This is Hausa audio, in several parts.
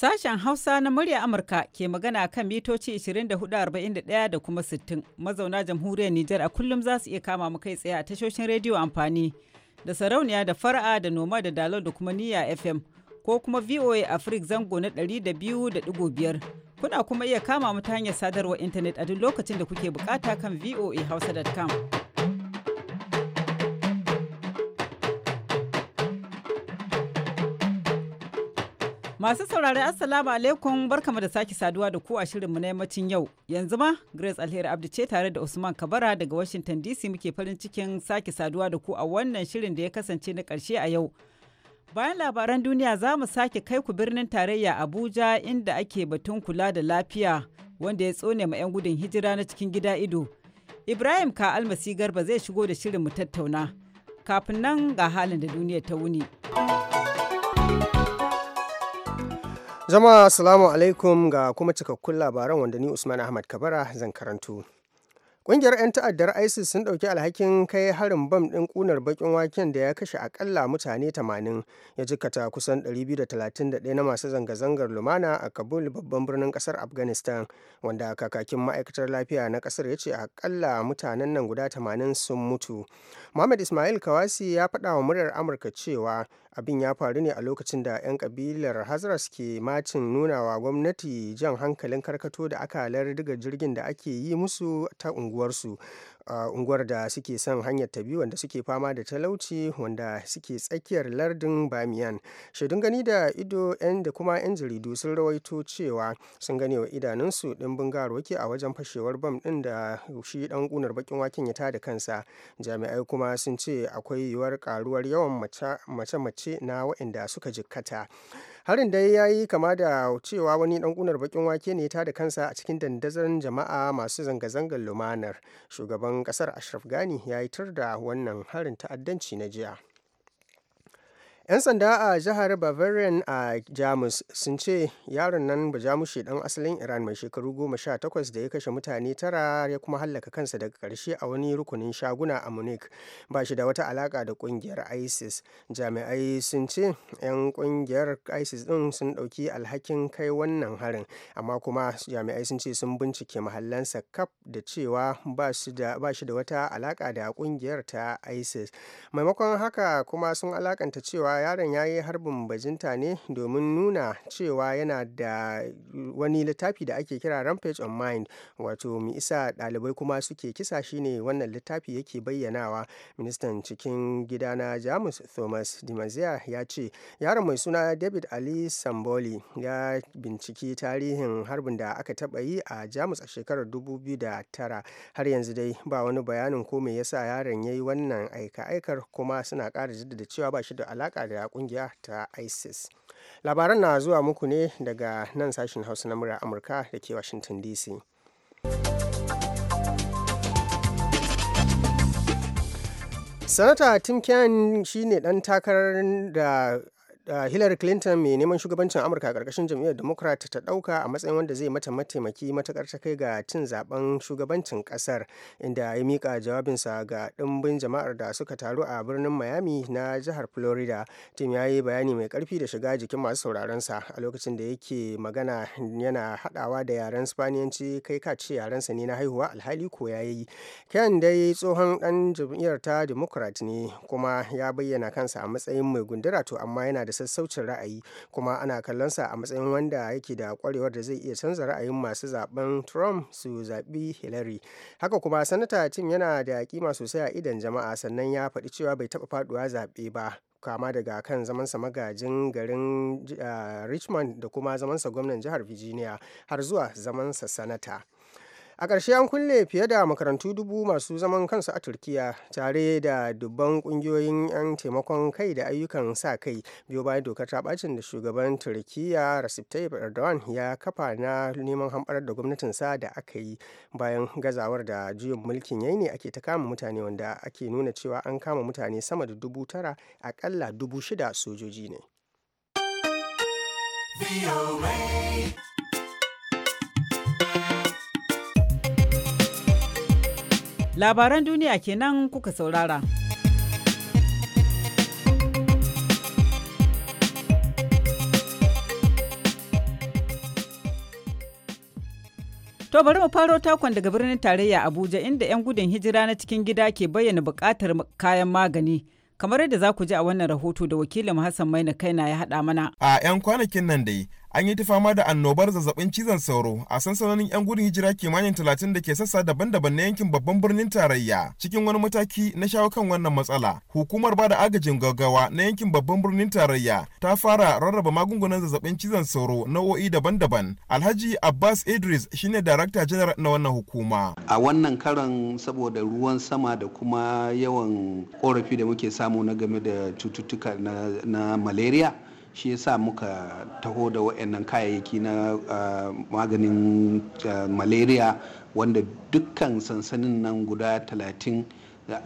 Sashen Hausa na murya Amurka ke magana kan mitoci 24,41 da kuma 60 mazauna jamhuriyar Nijar a kullum za su iya kama mu kai tsaye a tashoshin rediyo amfani da sarauniya da fara'a da noma da dalo da kuma niyya FM ko kuma VOA Africa zango na 200.5 kuna kuma iya kama mu ta hanyar sadarwar intanet a duk lokacin da kuke bukata kan voahausa.com. Masu saurari Assalamu alaikum barkamu da sake saduwa da ku a shirinmu na yammacin yau. Yanzu ma Grace Alheri Abdu ce tare da Usman Kabara daga Washington DC muke farin cikin sake saduwa da ku a wannan shirin da ya kasance na karshe a yau. Bayan labaran duniya za mu sake kai ku birnin tarayya Abuja inda ake batun kula da lafiya wanda ya tsone ma 'yan gudun hijira na cikin gida ido. Ibrahim Ka Almasi Garba zai shigo da shirin mu tattauna. Kafin nan ga halin da duniya ta wuni. Jama'a Assalamu alaikum ga kuma cikakkun labaran wanda ni Usman Ahmad Kabara zan karanto. Ƙungiyar 'yan ta'addar ISIS sun ɗauki alhakin kai harin bam ɗin kunar bakin waken da ya kashe akalla mutane 80 ya jikkata kusan 231 na masu zanga-zangar lumana a Kabul babban birnin ƙasar Afghanistan wanda kakakin ma'aikatar lafiya na kasar ya ce akalla mutanen nan guda 80 sun mutu. Muhammad Ismail Kawasi ya faɗa wa muryar Amurka cewa abin ya faru ne a lokacin da 'yan kabilar hazras ke macin nunawa gwamnati jan hankalin karkato da akalar diga jirgin da ake yi musu ta unguwarsu a unguwar da suke son hanyar ta biyu wanda suke fama da talauci wanda suke tsakiyar lardin bamiyan shaidun gani da ido 'yan da kuma 'yan jaridu sun rawaito cewa sun gane wa idanunsu ɗimbin garwaki a wajen fashewar bam ɗin da shi ɗan ƙunar bakin waken ya da kansa jami'ai kuma sun ce akwai yiwuwar karuwar yawan mace-mace na waɗanda suka jikkata harin da ya yi kama da cewa wani dan kunar bakin wake ne ta da kansa a cikin dandazon jama'a masu zanga-zangar lumanar shugaban kasar ashraf gani ya yi tur da wannan harin ta'addanci na jiya 'yan sanda a jihar bavarian a jamus sun ce yaron nan bajamushe dan asalin iran mai shekaru goma sha takwas da ya kashe mutane tara ya kuma hallaka kansa daga karshe a wani rukunin shaguna a munich ba shi da wata alaka da kungiyar isis jami'ai sun ce 'yan kungiyar isis din sun dauki alhakin kai wannan harin amma kuma jami'ai sun ce sun bincike mahallansa kaf da cewa ba shi da wata alaka da kungiyar ta isis maimakon haka kuma sun alakanta cewa yaron ya yi harbin bajinta ne domin nuna cewa yana da wani littafi da ake kira rampage on mind wato mi isa dalibai kuma suke kisa shine wannan littafi yake bayyanawa ministan cikin gida na jamus thomas dimazia ya ce yaron mai suna david ali samboli ya binciki tarihin harbin da aka taba yi a jamus a shekarar 2009 har yanzu dai ba wani bayanin ko me yasa yaron ya yi wannan aika-aikar kuma suna ƙara jaddada cewa ba shi da alaka. da kungiya ta isis labaran na zuwa muku ne daga nan sashen hausa na murya amurka da ke washington dc sanata tim shi shine ɗan takarar da da hillary clinton mai neman shugabancin amurka a ƙarƙashin jam'iyyar democrat ta ɗauka a matsayin wanda zai mata mataimaki matakar ta kai ga cin zaben shugabancin ƙasar inda ya mika jawabinsa ga ɗimbin jama'ar da suka taru a birnin miami na jihar florida tim ya yi bayani mai karfi da shiga jikin masu sauraronsa a lokacin da yake magana yana haɗawa da yaren spaniyanci kai ka ce yarensa ne na haihuwa alhali ko ya yi ken dai tsohon ɗan jam'iyyar ta democrat ne kuma ya bayyana kansa a matsayin mai gundura to amma yana da da sassaucin ra'ayi kuma ana kallonsa a matsayin wanda yake da kwarewar da zai iya canza ra'ayin masu zaben trump su zaɓi hillary haka kuma sanata tim yana da kima sosai a idan jama'a sannan ya faɗi cewa bai taɓa faɗuwa zaɓe ba kama daga kan zamansa magajin garin eh, richmond da kuma zamansa gwamnan jihar virginia har zuwa zamansa sanata a ƙarshe an kulle fiye da makarantu dubu masu zaman kansu a turkiya tare da dubban ƙungiyoyin 'yan taimakon kai da ayyukan sa kai biyo bayan dokar ta bacin da shugaban turkiya recep tayyip erdogan ya kafa na neman hamɓarar da gwamnatinsa da aka yi bayan gazawar da juyin mulkin yayi ne ake ta kama mutane wanda ake nuna cewa an kama mutane sama da dubu tara aƙalla dubu shida sojoji ne. Labaran duniya kenan kuka saurara. To bari mu faro takon daga birnin tarayya Abuja inda 'yan gudun hijira na cikin gida ke bayyana buƙatar kayan magani. Kamar yadda za ku ji a wannan rahoto da wakilin Hassan Maina kaina ya haɗa mana. A 'yan kwanakin nan dai an yi ta fama da annobar zazzabin cizon sauro a sansanonin 'yan gudun hijira kimanin talatin da ke sassa daban-daban na yankin babban birnin tarayya cikin wani mataki na shawo kan wannan matsala hukumar bada agajin gaggawa na yankin babban birnin tarayya ta fara rarraba magungunan zazzabin cizon sauro nau'o'i daban-daban alhaji abbas idris shine darakta janar na wannan hukuma a wannan karan saboda ruwan sama da kuma yawan korafi da muke samu na game da cututtuka na malaria shi yasa muka taho da wa'annan kayayyaki na maganin malaria wanda dukkan sansanin nan guda talatin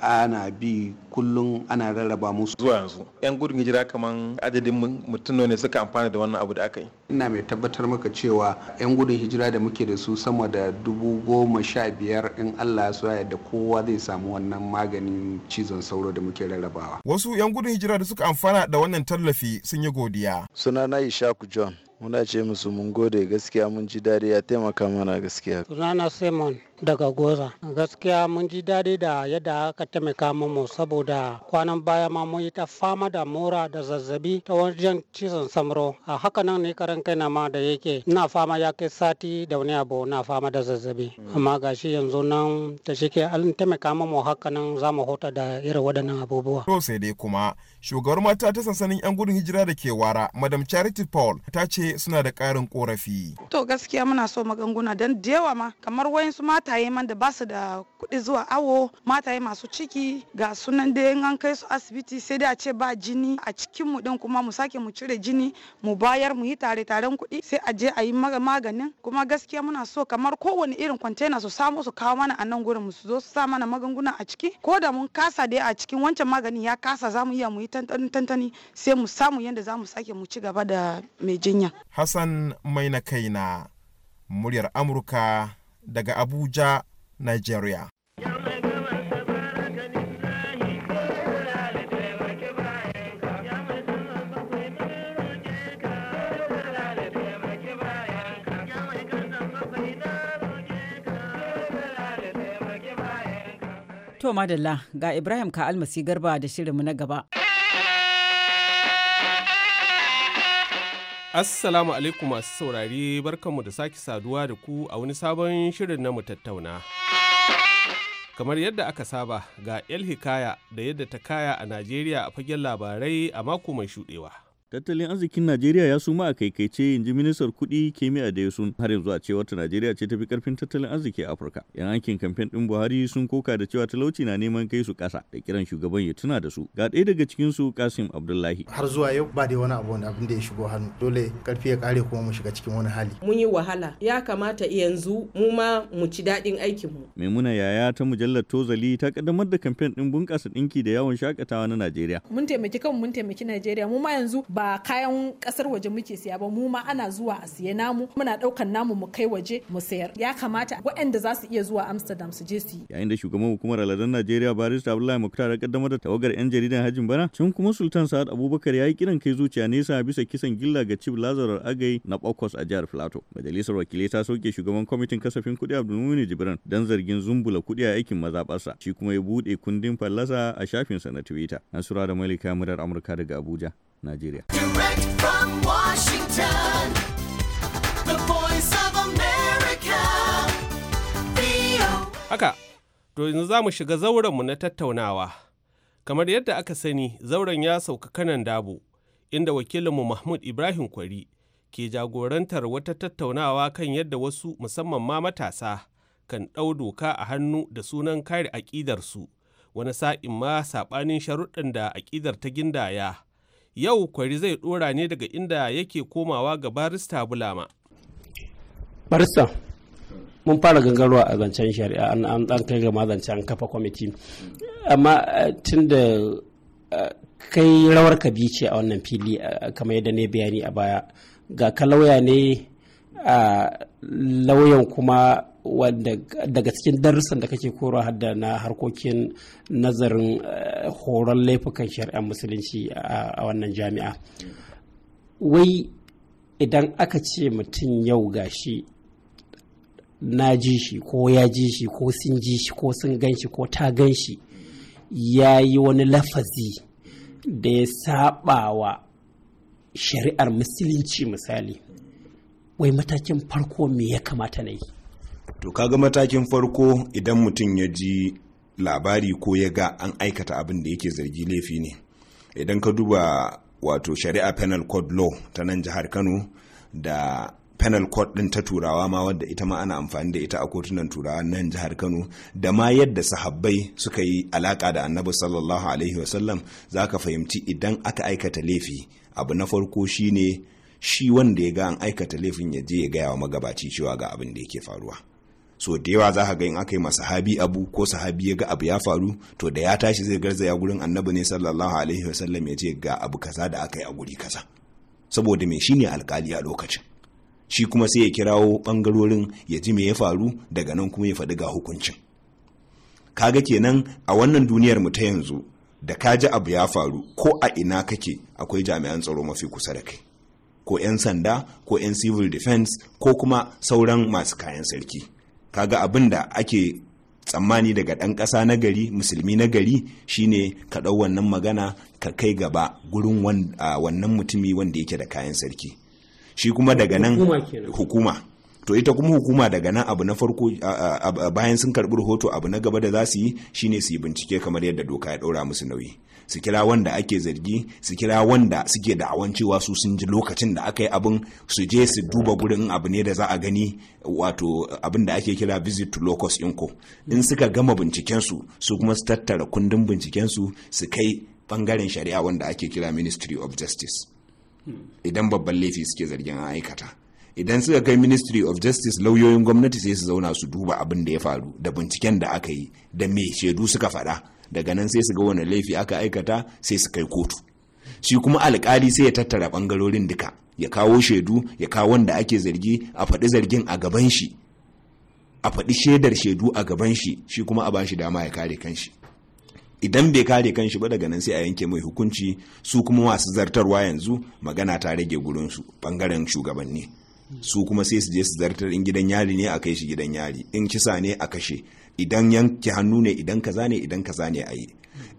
ana bi kullum ana rarraba musu zuwa yanzu yan gudun hijira kamar adadin mutum ne suka amfana da wannan abu da aka yi ina mai tabbatar maka cewa yan gudun hijira da muke da su sama da dubu goma sha biyar in allah su da kowa zai samu wannan maganin cizon sauro da muke rarrabawa wasu yan gudun hijira da suka amfana da wannan tallafi sun yi godiya Suna sunana ishaku john muna ce musu mun gode gaskiya mun ji dadi ya taimaka mana gaskiya sunana simon daga goza gaskiya mun ji daɗi da yadda aka taimaka mu saboda kwanan baya ma mun yi ta fama da mura da zazzabi ta wajen cizon samro a haka nan ne karan na ma da yake na fama ya kai sati da wani abu na fama da zazzabi amma gashi yanzu nan ta shike an taimaka mu haka nan za mu huta da irin waɗannan abubuwa. To sai dai kuma shugabar mata ta sansanin 'yan gudun hijira da ke wara madam charity paul ta ce suna da ƙarin ƙorafi. to gaskiya muna so maganguna don da yawa ma kamar wayansu mata mataye man da basu da kuɗi zuwa awo mataye masu ciki ga sunan da in an kai su asibiti sai dai a ce ba jini a cikin mu din kuma mu sake mu cire jini mu bayar mu yi tare taren kuɗi sai a je a yi maganin kuma gaskiya muna so kamar kowane irin kwantena su samu su kawo mana a nan gurin mu su zo su sa mana magunguna a ciki ko da mun kasa dai a cikin wancan maganin ya kasa za mu iya mu yi tantani sai mu samu yadda za mu sake mu ci gaba da mai jinya. Hassan mai na kaina muryar Amurka daga Abuja, Nigeria. To madalla ga Ibrahim ka almasi garba da shirinmu na gaba. Assalamu alaikum masu saurari barkanmu da sake saduwa da ku a wani sabon shirin na mu tattauna. Kamar yadda aka saba ga El Hikaya da yadda ta kaya a Najeriya a fagen labarai a mako mai shuɗewa. Tattalin arzikin Najeriya ya suma a ce inji ministar kuɗi kimiyya da sun har yanzu a cewar ta Najeriya ce tafi karfin tattalin arziki a Afirka. Yan aikin kamfen ɗin Buhari sun koka da cewa talauci na neman kai su kasa. da kiran shugaban ya tuna da su. Ga ɗaya daga cikin su Kasim Abdullahi. Har zuwa yau ba da wani abu wani abin da ya shigo hannu dole karfi ya kare kuma mu shiga cikin wani hali. Mun yi wahala ya kamata yanzu mu ma mu ci daɗin aikin mu. Maimuna yaya ta mujallar Tozali ta kaddamar da kamfen ɗin bunƙasa ɗinki da yawon shakatawa na Najeriya. Mun taimaki kanmu mun taimaki Najeriya mu ma yanzu ba ba kayan kasar waje muke siya ba mu ma ana zuwa a siya namu muna daukan namu mu kai waje mu sayar ya kamata waɗanda za su iya zuwa Amsterdam su je su yi yayin da shugaban hukumar aladen Najeriya barista Abdullahi Muktar ya kaddamar da tawagar yan jaridan Hajin Bana can kuma Sultan Sa'ad Abubakar ya yi kiran kai zuciya nesa bisa kisan gilla ga cib lazarar Agai na Bokos a jihar filato majalisar wakilai ta sauke shugaban kwamitin kasafin kuɗi Abdulmumin Jibran dan zargin zumbula kuɗi a aikin maza mazaɓarsa shi kuma ya buɗe kundin fallasa a shafinsa na Twitter Nasura da Malika murar Amurka daga Abuja Najeriya. Haka, to yanzu za mu shiga zaurenmu na tattaunawa. Kamar yadda aka sani, zauren ya sauka kanan dabo, inda wakilinmu Mahmud Ibrahim Kwari ke jagorantar wata tattaunawa kan yadda wasu musamman ma matasa kan ɗau doka a hannu da sunan kare aƙidarsu, wani sa'in ma saɓanin sharuɗan da aƙidar ta gindaya yau kwari zai dora ne daga inda yake komawa ga barista bulama barista mun fara gangarwa a zancen shari'a an kai ga mazancen kafa kwamiti amma eh, tun da eh, kai rawar ka ce a wannan fili eh, kamar yadda ne bayani a baya ga ka lauya ne a ah, lauyan kuma wanda daga cikin darussan da kake koro hadda na harkokin nazarin eh, horon laifukan shari'ar musulunci a wannan jami'a wai idan aka ce mutum yau gashi na ji shi ko ya ji shi ko sun ji shi ko sun gan shi ko ta gan shi ya yi wani lafazi da ya saba wa shari'ar musulunci misali wai matakin farko me ya kamata na yi to kaga matakin farko idan mutum ya ji labari ko ya ga an aikata abin da yake zargi laifi ne idan ka duba wato shari'a penal code law ta nan jihar kano da penal court din ta turawa ma wadda ita ma ana amfani da ita a kotunan turawa nan jihar kano da ma yadda sahabbai suka yi alaka da annabi sallallahu alaihi wasallam za ka fahimci idan aka aikata laifi abu na farko shine shi wanda ya ga an aikata laifin ya je ya gaya wa magabaci cewa ga abin da yake faruwa so da yawa za ka ga in aka yi ma sahabi abu ko sahabi ya ga abu ya faru to da ya tashi zai garzaya gurin annabi ne sallallahu alaihi wasallam ya ce ga abu kaza da aka yi a guri kaza saboda me shine alkali a lokacin shi kuma sai ya kirawo bangarorin ya ji me ya faru daga nan kuma ya faɗi ga hukuncin Ka ga kenan a wannan duniyar mu ta yanzu da ka ji abu ya faru ko a ina kake akwai jami'an tsaro mafi kusa da kai ko 'yan sanda ko 'yan civil defense ko kuma sauran masu kayan sarki kaga abin da ake tsammani daga ɗan ƙasa na gari musulmi na gari shine ka ɗau wannan magana ka kai gaba gurin wannan mutumi wanda yake da kayan sarki shi kuma daga nan hukuma to ita kuma hukuma daga nan abu na farko bayan sun karɓi rahoto abu na gaba da za su yi shine su yi bincike kamar yadda doka ya ɗaura musu nauyi su kira wanda ake zargi su kira wanda suke da cewa su sun ji lokacin da aka yi abin su je su duba gurin abu ne da za a gani wato abin da ake kira visit to locus inco in suka gama bincikensu su kuma su tattara kundin bincikensu su kai bangaren shari'a wanda ake kira ministry of justice idan babban laifi suke zargin an aikata idan suka kai ministry of justice lauyoyin gwamnati sai su zauna su duba abin da ya faru da binciken da aka yi da me shaidu suka faɗa daga nan sai su ga wani laifi aka aikata sai su kai kotu shi kuma alkali sai ya tattara bangarorin duka ya kawo shaidu ya kawo wanda ake zargi a faɗi zargin a gaban shi a faɗi shaidar shaidu a gaban shi shi kuma a bashi dama ya kare kanshi idan bai kare kanshi ba daga nan sai a yanke mai hukunci su kuma masu zartarwa yanzu magana ta rage gurin su bangaren shugabanni su kuma sai su je su zartar in gidan yari ne a kai shi gidan yari in kisa ne a kashe idan yanke hannu ne idan kaza ne idan kaza ne a yi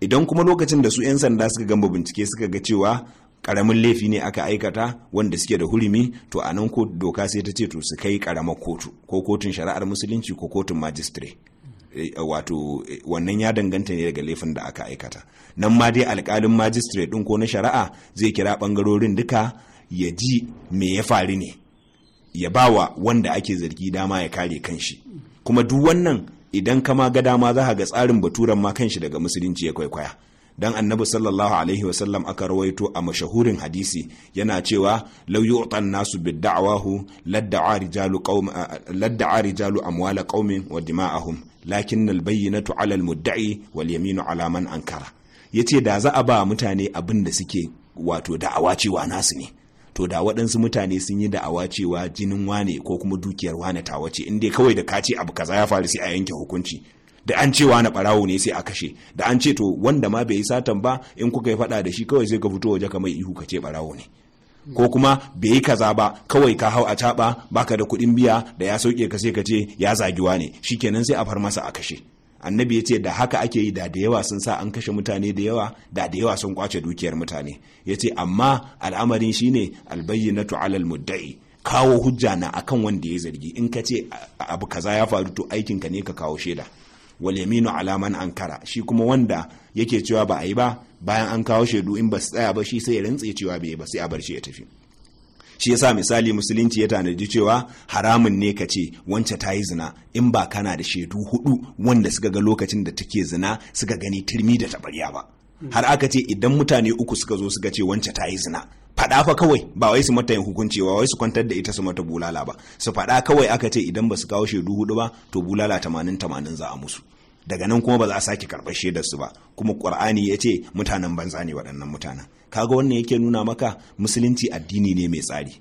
idan kuma lokacin da su 'yan sanda suka gamba bincike suka ga cewa karamin laifi ne aka aikata wanda suke da hurumi to a nan doka sai ta ce to su kai karamar kotu ko kotun shari'ar musulunci ko kotun majistire eh, eh, wato eh, wannan ya danganta ne daga laifin da aka aikata nan ma dai alkalin majistire din ko na shari'a zai kira bangarorin duka ya ji me ya faru ne ya bawa wanda ake zargi dama ya kare kanshi kuma duk wannan idan kama ga ma za ga tsarin baturan ma kanshi daga musulunci ya kwaikwaya dan annabi sallallahu alaihi wasallam aka rawaito a mashahurin hadisi yana cewa law yu'tan nasu bid'awahu ladda'a rijalu qaum ladda'a rijalu amwala qaumin wa dima'ahum lakin albayyinatu 'ala mudda'i wal yaminu 'ala man ankara yace da za a ba mutane abin da suke wato da'awa cewa nasu ne to da waɗansu mutane sun yi da'awa cewa jinin wane ko kuma dukiyar wane ta wace in dai kawai da kace abu kaza ya faru sai a yanke hukunci da an ce wane barawo ne sai a kashe da an ce to wanda ma bai yi satan ba in kuka yi faɗa da shi kawai sai ka fito waje ka mai ihu ka ce barawo ne ko kuma bai yi kaza ba kawai ka hau a caɓa baka da kuɗin biya da ya sauke ka sai ka ce ya zagi ne shikenan sai a far masa a kashe annabi ya ce da haka ake yi da da yawa sun sa an kashe mutane da yawa da da yawa sun kwace dukiyar mutane ya ce amma al'amarin shi shine albayyinatu alal mudda'i kawo hujja na akan wanda ya zargi in ka ce abu kaza ya faru to aikin ka ne ka kawo shaida wal yaminu alaman ankara shi kuma wanda yake cewa ba a yi ba bayan an kawo shaidu in ba su tsaya ba shi sai ya rantse cewa bai ba sai a bar shi ya tafi shi yasa misali musulunci ya tanadi cewa haramun ne ka ce wance ta yi zina in ba kana da shaidu hudu wanda suka ga lokacin da take zina suka gani turmi da tabarya ba hmm. har aka ce idan mutane uku suka zo suka ce wance ta yi zina faɗa fa kawai ba wai su mata yin hukunci ba wai su kwantar da ita su mata bulala ba su faɗa kawai aka ce idan ba su kawo shaidu hudu ba to bulala tamanin tamanin za a musu daga nan kuma ba za a sake karɓar su ba kuma ƙur'ani ya ce mutanen banza ne waɗannan mutanen kaga wannan yake nuna maka musulunci addini ne mai tsari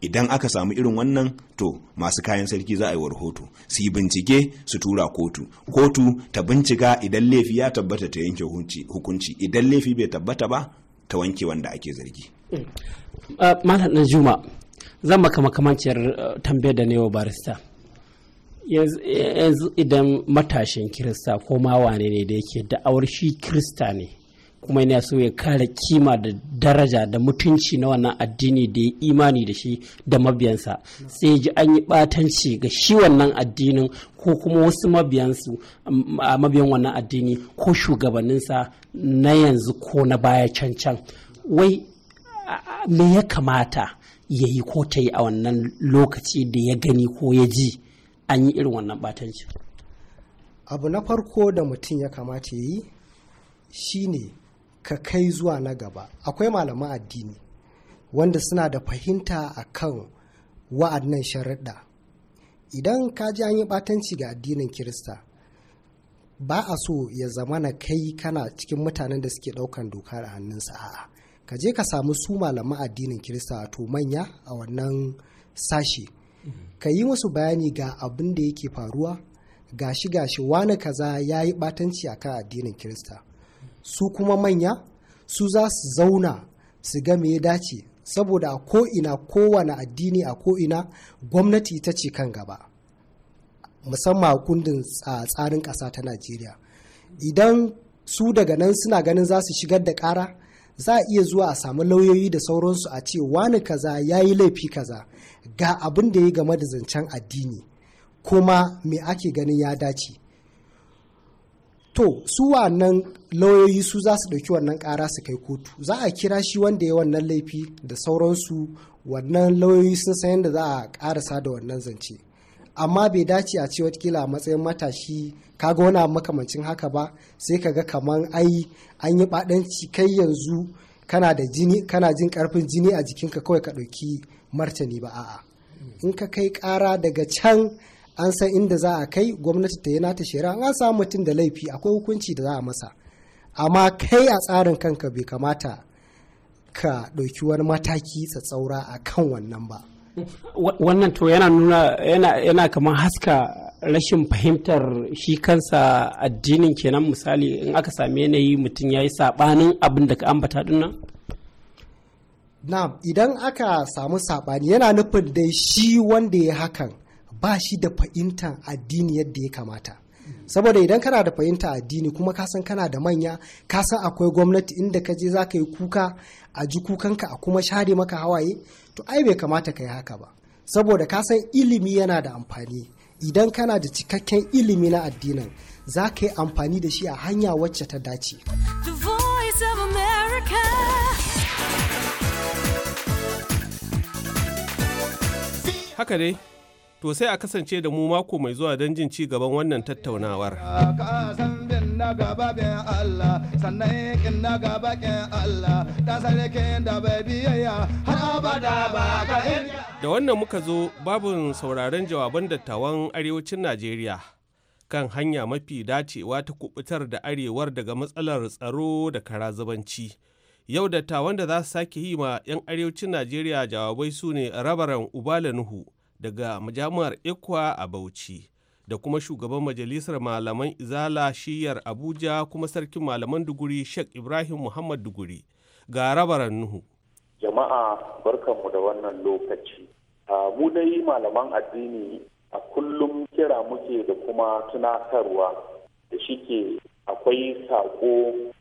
idan aka samu irin wannan to masu kayan sarki za a yi warhoto su yi bincike su tura kotu kotu ta bincika idan laifi ya tabbata ta yanke hukunci idan laifi bai tabbata ba ta wanke wanda ake zargi eh, uh, malam juma zan maka makamanciyar uh, tambayar da ne barista yanzu idan matashin kirista ko ma wane ne da yake da'awar shi kirista ne kuma yana so ya kare kima da daraja da mutunci na wannan addini da ya imani da shi da mabiyansa sai ji an yi batanci ga shi wannan addinin ko kuma wasu mabiyansu a mabiyan wannan addini ko shugabanninsa na yanzu ko na baya can can wai me ya kamata ya yi ko ta yi a wannan lokaci da ya gani ko ya ji an yi irin wannan batanci abu na farko da mutum ya kamata ya yi shine ka kai zuwa na gaba akwai malaman addini wanda suna da fahimta a kan wa'annan sharaɗa idan ka ji an yi batanci ga addinin kirista ba a so ya zama na kai kana cikin mutanen da suke ɗaukan doka da hannunsa a'a ka je ka samu su malaman addinin kirista wato manya a wannan sashe. ka yi musu bayani ga abin da yake faruwa gashi gashi wani kaza ya yi batanci kan addinin kirista su kuma manya su za su zauna su ga ya dace saboda a ko'ina kowane addini a ko'ina gwamnati ta ce kan gaba musamman a kundin tsarin ƙasa ta najeriya idan su daga nan suna ganin za su shigar da ƙara za a iya zuwa a samu lauyoyi da sauransu a ce wani kaza ya yi laifi kaza ga abin da ya game da zancen addini kuma me ake ganin ya dace to su wannan lauyoyi su za su ɗauki wannan ƙara su kai kotu za a kira shi wanda ya wannan laifi da sauransu wannan lauyoyi sun san yadda za a ƙarasa da wannan zance amma bai dace a ce watakila a matsayin matashi Ka ga wani makamancin haka ba sai ka ga kamar ai an yi baɗanci kai yanzu kana da kana jin karfin jini a jikinka kawai ka ɗauki martani ba a'a in ka kai kara daga can an san inda za a kai gwamnati ta yi nata shari'a an samu mutum da laifi akwai hukunci da za a masa amma kai a tsarin kanka bai kamata ka ɗauki wani mataki tsatsaura a kan wannan ba wannan to yana nuna yana kamar haska rashin fahimtar shi kansa addinin kenan misali in aka same yanayi mutum ya yi saɓanin abin da ka ambata dinnan na idan aka samu saɓani yana nufin da shi wanda ya hakan ba shi da fahimtar addini yadda ya kamata saboda idan kana da fahimta addini kuma ka san kana da manya ka san akwai gwamnati inda ka je za ka yi kuka a ji kukanka a kuma share maka hawaye to ai bai kamata ka yi haka ba saboda ka san ilimi yana da amfani idan kana da cikakken ilimi na addinin za ka yi amfani da shi a hanya wacce ta dace. Haka dai, to sai a kasance da mu mako mai zuwa don jin ci gaban wannan tattaunawar. Da wannan muka zo babin sauraron jawaban dattawan arewacin Najeriya kan hanya mafi dacewa ta kubutar da arewar daga matsalar tsaro da zabanci. Yau da dattawan da za su sake yi ma 'yan arewacin Najeriya jawabai su ne rabaran Ubala Nuhu daga majami'ar Ikwa a Bauchi da kuma shugaban majalisar malaman Izala shiyar Abuja kuma sarkin malaman Duguri Sheikh Ibrahim Muhammad Duguri ga rabaran Nuhu. Jama'a barkanmu da wannan lokaci. Mu dai malaman addini a kullum kira muke da kuma tunatarwa da shike akwai saƙo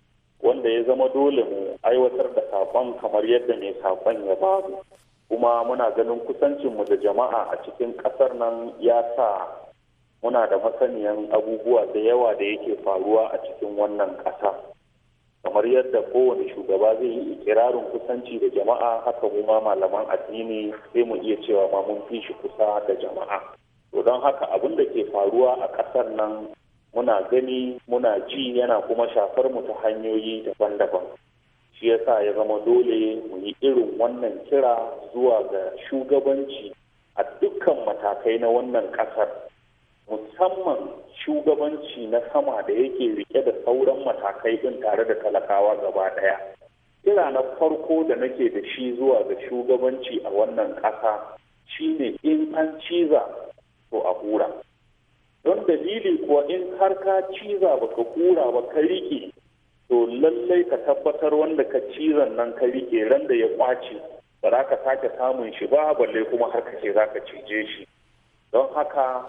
wanda ya zama dole mu aiwatar da saƙon kamar yadda mai saƙon ya ba kuma muna ganin kusancinmu da jama'a a cikin ƙasar nan ya sa muna da masaniyan abubuwa da yawa da yake faruwa a cikin wannan ƙasa kamar yadda kowane shugaba zai yi ikirarin kusanci da jama'a haka kuma malaman addini sai mu iya cewa ma mun fi shi kusa da jama'a to don haka abin da ke faruwa a ƙasar nan muna gani muna ji yana kuma shafar mu ta hanyoyi daban-daban shi yasa ya zama dole mu yi irin wannan kira zuwa ga shugabanci a dukkan matakai na wannan kasar musamman shugabanci na sama da yake rike da sauran matakai din tare da talakawa gaba daya kira na farko da nake da shi zuwa ga shugabanci a wannan ƙasa shine in an ciza to a hura don dalili kuwa in har ka ciza ba ka kura ba ka rike to lallai ka tabbatar wanda ka cizan nan ka rike ran da ya kwace ba za ka sake samun shi ba balle kuma har ka ce za ka cije shi don haka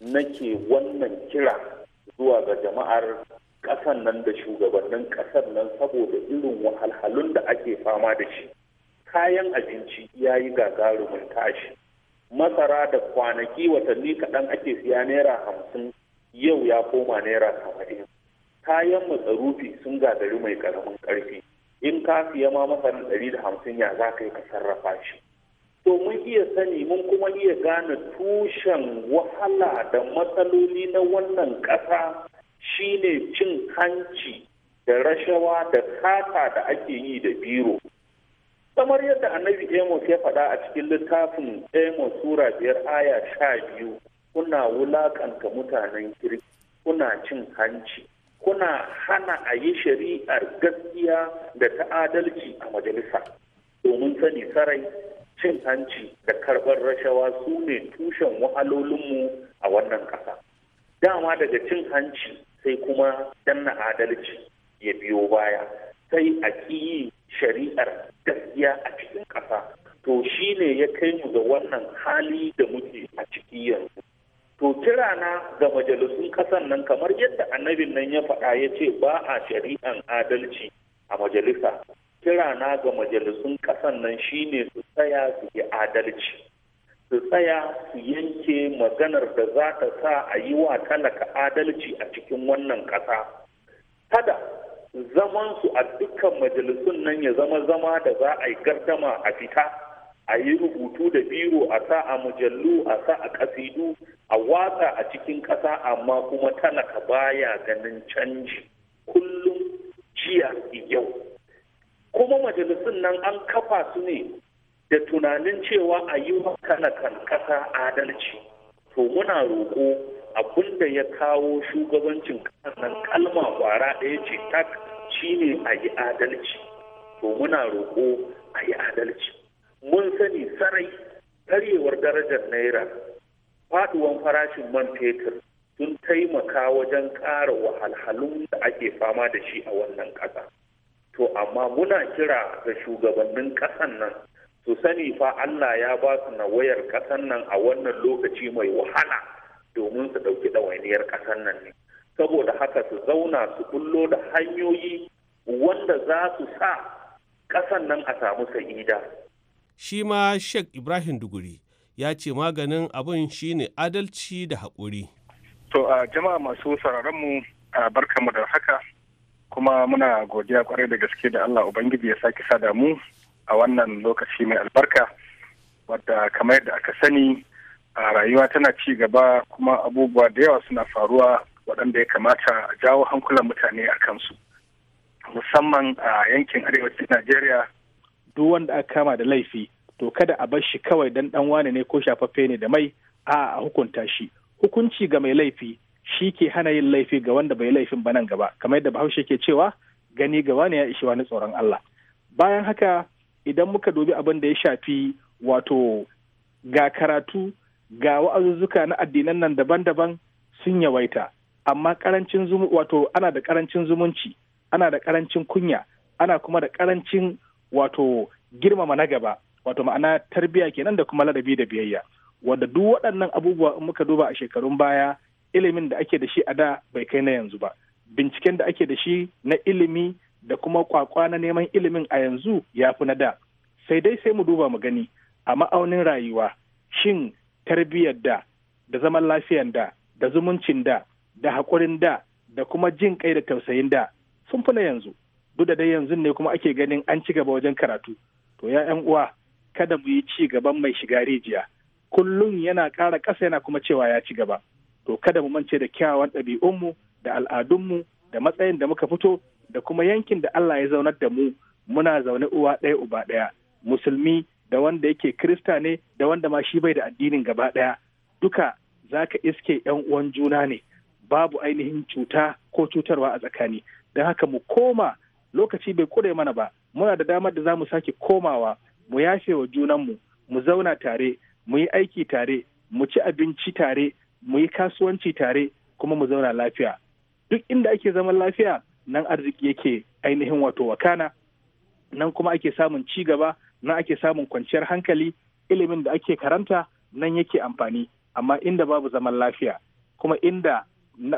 nake wannan kira zuwa ga jama'ar ƙasan nan da shugabannin ƙasar nan saboda irin wahalhalun da ake fama da shi kayan abinci ya yi gagarumin tashi masara da kwanaki watanni kaɗan ake siya naira hamsin yau ya koma naira saba'in kayan matsarufi sun gagari mai karamin ƙarfi in ka siya ma masarar ɗari da hamsin ya za ka yi ka sarrafa shi to mun iya sani mun kuma iya gane tushen wahala da matsaloli na wannan ƙasa shine cin hanci da rashawa da kata da ake yi da biro kamar yadda annabi amos ya faɗa a cikin littafin amos sura biyar aya sha biyu kuna wulaƙanta mutanen kirki kuna cin hanci kuna hana a yi shari'ar gaskiya da ta adalci a majalisa domin sani sarai cin hanci da karɓar rashawa su ne tushen wahalolinmu a wannan ƙasa dama daga cin hanci sai kuma danna adalci ya biyo baya sai a ƙiyi shari'ar gaskiya a cikin ƙasa to shi ne ya kai mu ga wannan hali da muke a ciki yanzu to kirana ga majalisun ƙasan nan kamar yadda annabin nan ya faɗa ya ce ba a shari'an adalci a majalisa kirana ga majalisun ƙasan nan shi ne su tsaya su yi adalci su tsaya su yanke maganar da za ta sa a yi wa talaka adalci a cikin wannan ƙasa kada zaman su a dukkan majalisun nan ya zama zama da za a yi gardama a fita a yi rubutu da biro a sa a mujallu a sa a kasidu a watsa a cikin ƙasa amma kuma talaka baya ganin canji kullum jiya yau kuma majalisun nan an kafa su ne da tunanin cewa a yi wa kanakan ƙasa adalci to muna roko abin ya kawo shugabancin ƙasar nan kalma kwara ɗaya ce tak shine a yi adalci to muna roƙo a yi adalci mun sani sarai karyewar darajar naira faduwan farashin man fetur sun taimaka wajen ƙara wahalhalun da ake fama da shi a wannan ƙasa to amma muna kira ga shugabannin ƙasan nan su sani fa Allah ya ba su na wayar ƙasan nan a wannan lokaci mai wahala domin su ɗauki ɗawainiyar ƙasan nan ne saboda haka su zauna su kullo da hanyoyi wanda za su sa ƙasan nan a samu sa'ida. Shi ma Sheikh Ibrahim Duguri ya ce maganin abin shine adalci da haƙuri. To a jama'a masu sararanmu a barkamu da haka kuma muna godiya kwarai da gaske da Allah Ubangiji ya sake sada mu a wannan lokaci mai albarka wadda kamar yadda aka sani a rayuwa tana ci gaba kuma abubuwa da yawa suna faruwa waɗanda ya kamata a jawo hankulan mutane a kansu musamman a yankin arewacin najeriya duk wanda aka kama da laifi to kada a bar shi kawai dan dan wane ne ko shafaffe ne da mai a a hukunta shi hukunci ga mai laifi shi ke hana yin laifi ga wanda bai laifin ba nan gaba kamar yadda bahaushe ke cewa gani ga ne ya ishi wani tsoron Allah bayan haka idan muka dubi abin da ya shafi wato ga karatu ga wa'azuzzuka na addinan nan daban-daban sun yawaita amma karancin wato ana da karancin zumunci ana da karancin kunya ana kuma da karancin wato girmama na gaba wato ma'ana tarbiyya kenan da kuma ladabi da biyayya wanda duk waɗannan abubuwa in muka duba a shekarun baya ilimin da ake da shi a da bai kai na yanzu ba binciken da ake da shi na ilimi da kuma kwakwa na neman ilimin a yanzu ya fi na da sai dai sai mu duba mu gani a ma'aunin rayuwa shin tarbiyyar da da zaman lafiyar da da zumuncin da da haƙurin da da kuma jin kai da tausayin da sun fi na yanzu duk da dai yanzu ne kuma ake ganin an ci gaba wajen karatu to ya yan uwa kada mu yi ci gaban mai shiga rijiya kullum yana ƙara ƙasa yana kuma cewa ya ci gaba to kada mu mance da kyawawan ɗabi'unmu da al'adunmu da matsayin da muka fito da kuma yankin da Allah ya zaunar da mu muna zaune uwa ɗaya uba ɗaya musulmi da wanda yake krista ne da wanda ma shi bai da addinin gaba ɗaya duka za ka iske yan uwan juna ne babu ainihin cuta ko cutarwa a tsakani don haka mu koma lokaci bai kure mana ba muna da damar da za mu sake komawa mu yafe wa junanmu mu zauna tare mu yi aiki tare mu ci abinci tare mu yi kasuwanci tare kuma mu zauna lafiya duk inda ake zaman lafiya nan arziki yake ainihin wato wakana nan kuma ake samun ci gaba nan ake samun kwanciyar hankali ilimin da ake karanta nan yake amfani amma inda babu zaman lafiya kuma inda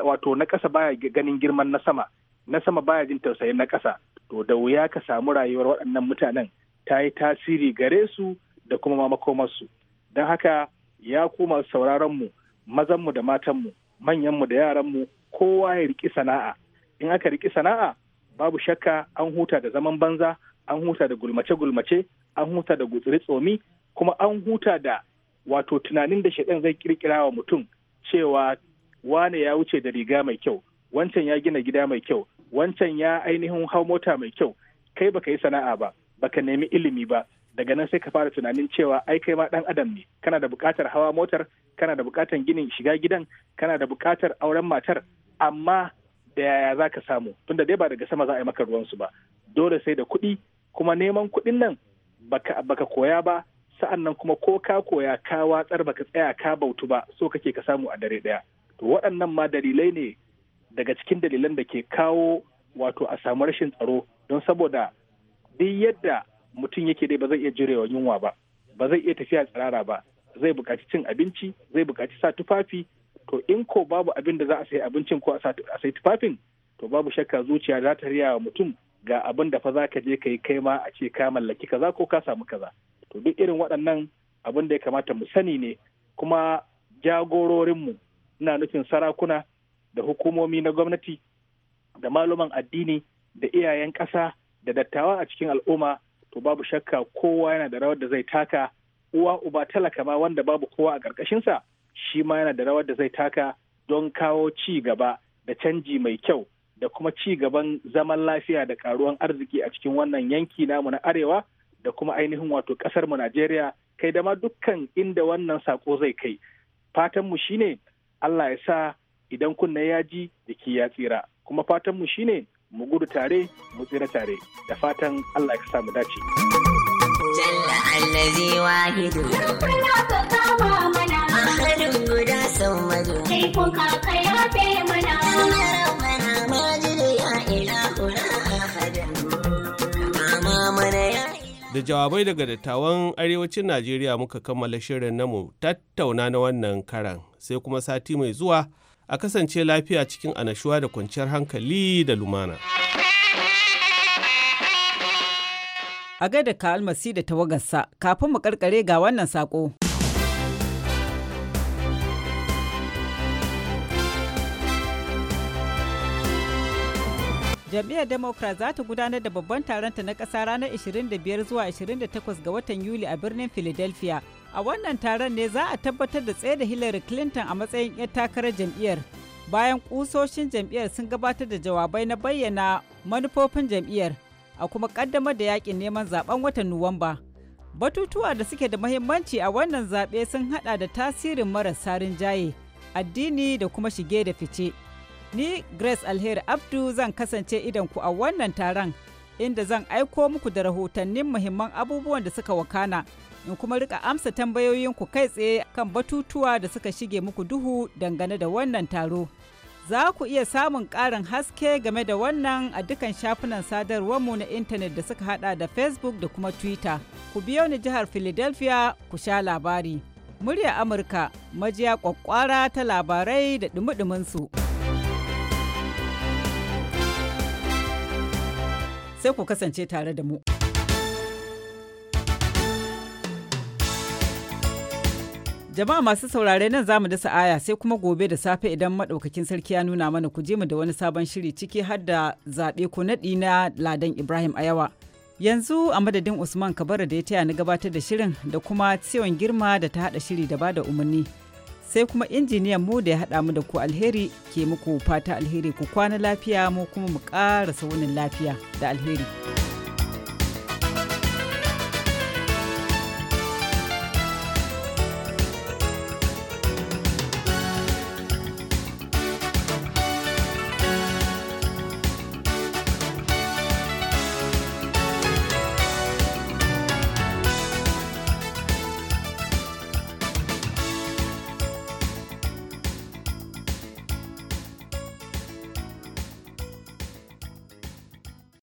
wato na ƙasa baya ganin girman na sama na sama baya jin tausayin na ƙasa to da wuya ka samu rayuwar waɗannan mutanen ta yi tasiri gare su da kuma makomarsu don haka ya kuma sauraron mu mazan da matanmu mu manyan mu da yaran mu kowa ya riki sana'a in aka riki sana'a babu shakka an huta da zaman banza an huta da gulmace-gulmace an huta da gutsiri tsomi kuma an huta da wato tunanin da shaɗan zai kirkira wa mutum cewa wane ya wuce da riga mai kyau wancan ya gina gida mai kyau wancan ya ainihin hau mota mai kyau kai baka yi sana'a ba baka nemi ilimi ba daga nan sai ka fara tunanin cewa ai kai ma dan adam ne kana da buƙatar hawa motar kana da buƙatar ginin shiga gidan kana da buƙatar auren matar amma da yaya za ka samu tunda dai ba daga sama za a yi maka ruwansu ba dole sai da kuɗi kuma neman kuɗin nan baka, koya ba sa'an nan kuma ko ka koya ka watsar baka tsaya ka bautu ba so kake ka samu a dare ɗaya to waɗannan ma dalilai ne daga cikin dalilan da ke kawo wato a samu rashin tsaro don saboda duk yadda mutum yake dai ba zai iya jirewa yunwa ba ba zai iya tafiya tsirara ba zai buƙaci cin abinci zai buƙaci sa tufafi to in ko babu abin da za a sayi abincin ko a sayi tufafin to babu shakka zuciya za ta riya wa mutum ga abin da fa za ka je ka yi kai ma a ce ka mallaki kaza ko ka samu kaza to duk irin waɗannan abin da ya kamata mu sani ne kuma jagororinmu ina nufin sarakuna da hukumomi na gwamnati da maluman addini da iyayen ƙasa da dattawa a cikin al'umma to babu shakka kowa yana da rawar da zai taka uwa uba talaka ma wanda babu kowa a ƙarƙashinsa shi ma yana da rawar da zai taka don kawo ci gaba da canji mai kyau da kuma ci gaban zaman lafiya da karuwan arziki a cikin wannan yanki namu na arewa da kuma ainihin wato kasar mu Najeriya kai da ma dukkan inda wannan sako zai kai fatanmu mu shine Allah ya sa idan kunna ya ji jiki ya tsira kuma fatan mu shine mu gudu tare mu tsira tare da fatan Allah ya sa mu dace. Jalla allazi wahidu. mana. guda sau madu. Sai kuka mana. da jawabai daga dattawan arewacin najeriya muka kammala shirin na mu tattauna na wannan karan sai kuma sati mai zuwa a kasance lafiya cikin anashuwa da kwanciyar hankali da lumana a gaida ka almasi da tawagarsa kafin mu karkare ga wannan sako. jam'iyyar democrat za ta gudanar da babban taronta na ƙasa ranar 25 zuwa 28 ga watan yuli a birnin philadelphia a wannan taron ne za a tabbatar da tsaye da hillary clinton a matsayin 'yar takarar jam'iyyar bayan kusoshin jam'iyyar sun gabatar da jawabai na bayyana manufofin jam'iyyar a kuma kaddamar da yakin neman zaben watan nuwamba batutuwa da suke da mahimmanci a wannan zaɓe sun haɗa da tasirin marasa rinjaye addini da kuma shige da fice. Ni Grace Alheri Abdu zan kasance idan ku a wannan taron inda zan aiko muku da rahotannin muhimman abubuwan da suka wakana in kuma rika amsa tambayoyinku kai tsaye kan batutuwa da suka shige muku duhu dangane da wannan taro. Za ku iya samun ƙarin haske game da wannan a dukan shafunan sadarwar mu na intanet da suka hada da Facebook da kuma Twitter. Ku biyo ni jihar Philadelphia ku sha labari. Murya Amurka, majiya kwakwara ta labarai da dumi su. sai ku kasance tare da mu. Jama'a masu saurare nan zamu da sa'aya sai kuma gobe da safe idan madaukakin sarki ya nuna mana ku je mu da wani sabon shiri ciki har da zaɓe ko naɗi na Ladan Ibrahim Ayawa. Yanzu a madadin Usman Kabara da ya taya ni gabatar da shirin da kuma ciwon Girma da ta haɗa shiri da bada umarni. sai kuma injiniyan mu da ya haɗa mu da ku alheri ke muku fata alheri ku kwana lafiya mu kuma mu ƙara saunin lafiya da alheri.